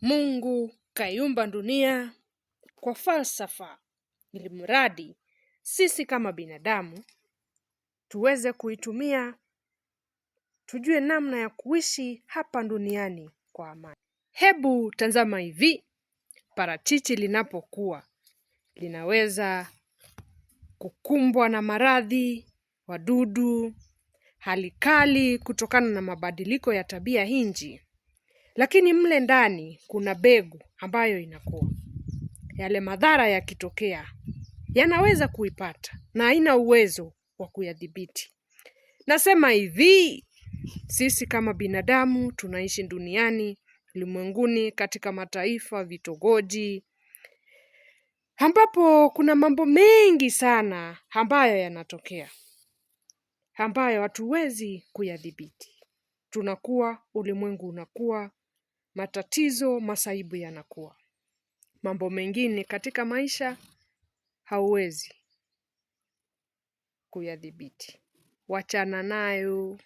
Mungu kaiumba dunia kwa falsafa, ili mradi sisi kama binadamu tuweze kuitumia, tujue namna ya kuishi hapa duniani kwa amani. Hebu tazama hivi, parachichi linapokuwa linaweza kukumbwa na maradhi, wadudu, hali kali kutokana na mabadiliko ya tabia hinji lakini mle ndani kuna begu ambayo inakuwa yale madhara yakitokea yanaweza kuipata na haina uwezo wa kuyadhibiti. Nasema hivi, sisi kama binadamu tunaishi duniani, ulimwenguni, katika mataifa, vitogoji ambapo kuna mambo mengi sana ambayo yanatokea ambayo hatuwezi kuyadhibiti. Tunakuwa, ulimwengu unakuwa, matatizo, masaibu yanakuwa. Mambo mengine katika maisha hauwezi kuyadhibiti, wachana nayo.